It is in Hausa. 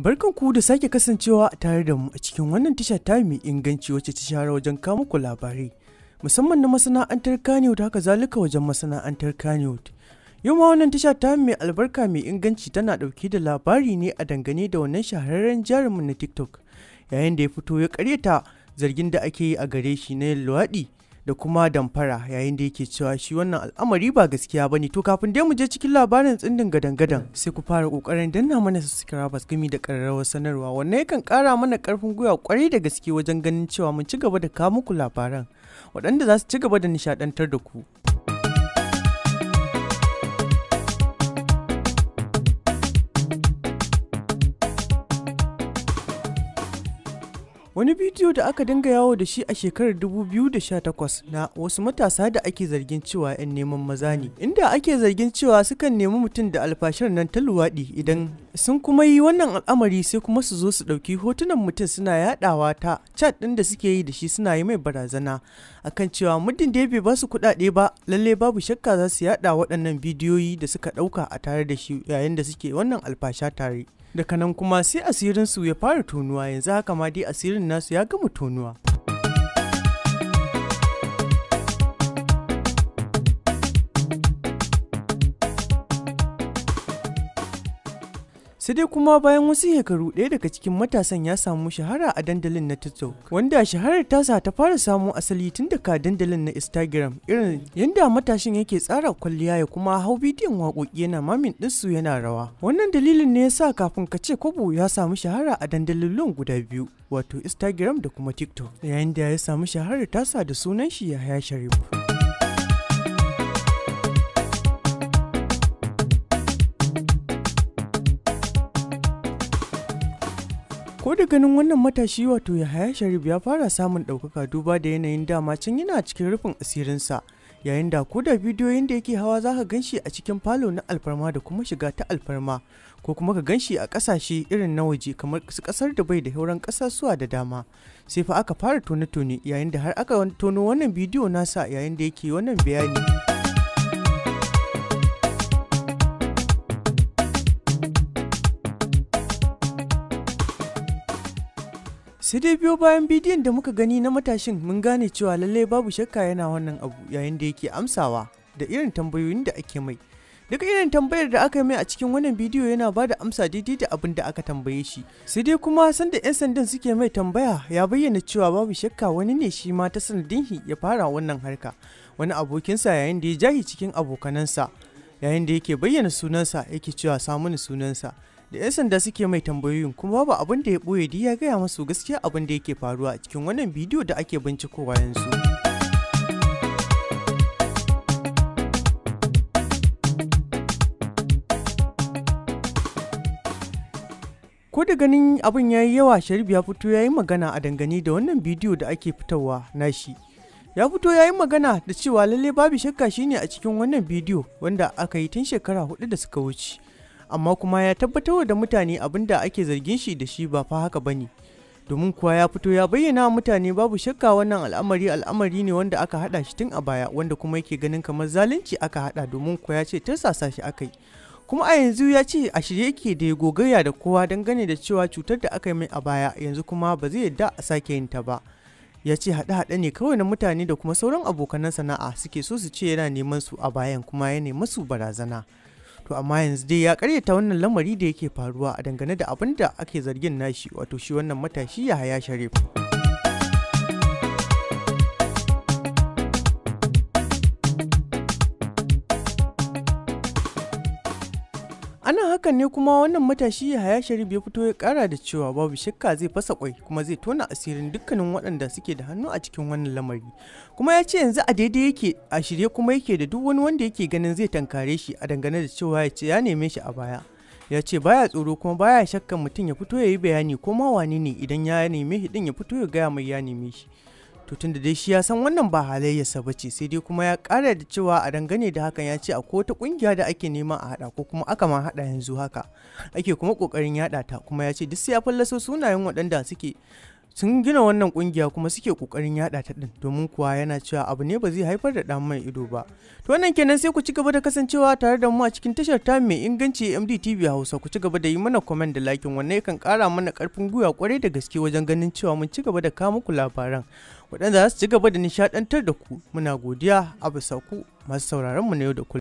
Barkan ku da sake kasancewa tare da mu a cikin wannan tasha ta mai inganci wacce ta shahara wajen kawo ku labarai musamman na masana'antar Kanewt haka zalika wajen masana'antar Kanewt. Yau ma wannan tasha ta mai albarka mai inganci tana dauke da labari ne a dangane da wannan shahararren jarumin na TikTok yayin da ya fito ya karyata zargin da ake yi a gare shi na yin luwaɗi da kuma damfara yayin da yake cewa shi wannan al'amari ba gaskiya bane to kafin dai mu je cikin labarin tsindin gadan-gadan sai ku fara kokarin danna mana subscribers gami da kararrawar sanarwa wannan yakan kara mana karfin gwiwa kwarai da gaske wajen ganin cewa mun ci gaba da kawo muku labaran waɗanda za su ci gaba da nishadantar da ku Wani bidiyo da aka dinga yawo da shi a shekarar 2018 na wasu matasa da ake zargin cewa 'yan neman maza ne, inda ake zargin cewa sukan nemi mutum da alfashar nan ta luwaɗi idan sun kuma yi wannan al'amari sai kuma su zo su ɗauki hotunan mutum suna yaɗawa ta chat ɗin da suke yi da shi suna yi mai barazana akan cewa muddin da ya bai ba su kuɗaɗe ba lalle babu shakka za su yaɗa waɗannan bidiyoyi da suka ɗauka a tare da shi yayin da suke wannan alfasha tare. daga nan kuma sai su ya fara tonuwa yanzu haka ma dai asirin nasu ya gama tonuwa sai dai kuma bayan wasu shekaru ɗaya daga cikin matasan ya samu shahara a dandalin na tiktok wanda shaharar tasa ta fara samu asali tun daga dandalin na instagram irin yadda matashin yake tsara kwalliya ya kuma hau bidiyon waƙoƙi yana mamin ɗinsu yana rawa wannan dalilin ne yasa kafin ka ce kobo ya samu shahara a dandalin guda biyu wato instagram da kuma tiktok yayin da ya samu shaharar tasa da sunan shi ya haya sharif ko da ganin wannan matashi wato yahaya sharif ya fara samun ɗaukaka duba da yanayin dama can yana cikin rufin asirinsa yayin da ko da bidiyoyin da yake hawa za ka gan shi a cikin falo na alfarma da kuma shiga ta alfarma ko kuma ka gan shi a ƙasashe irin na waje kamar su ƙasar da bai da hauran ƙasasuwa da dama sai fa aka fara tone-tone yayin da har aka tono wannan bidiyo nasa yayin da yake wannan bayani sai dai biyo bayan bidiyon da muka gani na matashin mun gane cewa lallai babu shakka yana wannan abu yayin da yake amsawa da irin tambayoyin da ake mai duk irin tambayar da aka mai a cikin wannan bidiyo yana ba da amsa daidai da abin da aka tambaye shi sai dai kuma sanda 'yan sandan suke mai tambaya ya bayyana cewa babu shakka wani ne shi ma ta sanadin shi ya fara wannan harka wani abokinsa yayin da ya jahi cikin abokanansa yayin da yake bayyana sunansa yake cewa samuni sunansa da 'yan sanda suke mai tambayoyin kuma babu abin da ya ɓoye di ya gaya masu gaskiya abin da yake faruwa a cikin wannan bidiyo da ake bincikowa yanzu. ko da ganin abin ya yi yawa sharif ya fito ya yi magana a dangane da wannan bidiyo da ake na shi ya fito ya yi magana da cewa lalle babu shakka shine a cikin wannan bidiyo wanda aka yi tun shekara hudu da suka wuce amma kuma ya tabbatar da mutane abin da ake zargin shi da shi ba fa haka ba ne? domin kuwa ya fito ya bayyana mutane babu shakka wannan al'amari al'amari ne wanda aka hada shi tun a baya wanda kuma yake ganin kamar zalunci aka hada domin kuwa ya ce sasa shi aka yi kuma a yanzu ya ce a shirye yake da ya gogayya da kowa don gane da cewa cutar da aka yi mai a baya yanzu kuma ba zai yarda a sake yin ta ba ya ce haɗe-haɗe ne kawai na mutane da kuma sauran abokan sana'a suke so su ce yana neman su a bayan kuma ya nema su barazana to amma yanzu dai ya karyata wannan lamari da yake faruwa a dangane da abin da ake zargin nashi wato shi wannan matashi ya haya sharif ana hakan ne kuma wannan matashi Yahaya Sharif ya fito ya kara da cewa babu shakka zai fasa kwai kuma zai tona asirin dukkanin waɗanda suke da hannu a cikin wannan lamari. Kuma ya ce yanzu a daidai yake a shirye kuma yake da duk wani wanda yake ganin zai tankare shi a dangane da cewa ya ce ya neme shi a baya. Ya ce baya tsoro kuma baya shakkan mutum ya fito ya yi bayani ko ma wani ne idan ya neme shi din ya fito ya gaya mai ya neme shi. to tunda da dai shi ya san wannan ba halayyarsa ba ce sai dai kuma ya kara da cewa a dangane da hakan ya ce akwai wata kungiya da ake nema a hada ko kuma aka ma hada yanzu haka ake kuma kokarin yada ta kuma ya ce duk sai ya fallaso sunayen waɗanda suke sun gina wannan kungiya kuma suke kokarin yada ta din domin kuwa yana cewa abu ne ba zai haifar da damar ido ba to wannan kenan sai ku ci gaba da kasancewa tare da mu a cikin tashar ta mai inganci MDTV Hausa ku ci gaba da yi mana comment da liking wannan yakan kara mana karfin gwiwa kwarai da gaske wajen ganin cewa mun ci gaba da kawo muku labaran waɗanda za su ci gaba da nishadantar da ku muna godiya a bisa ku masu sauraron mu na yau da kullum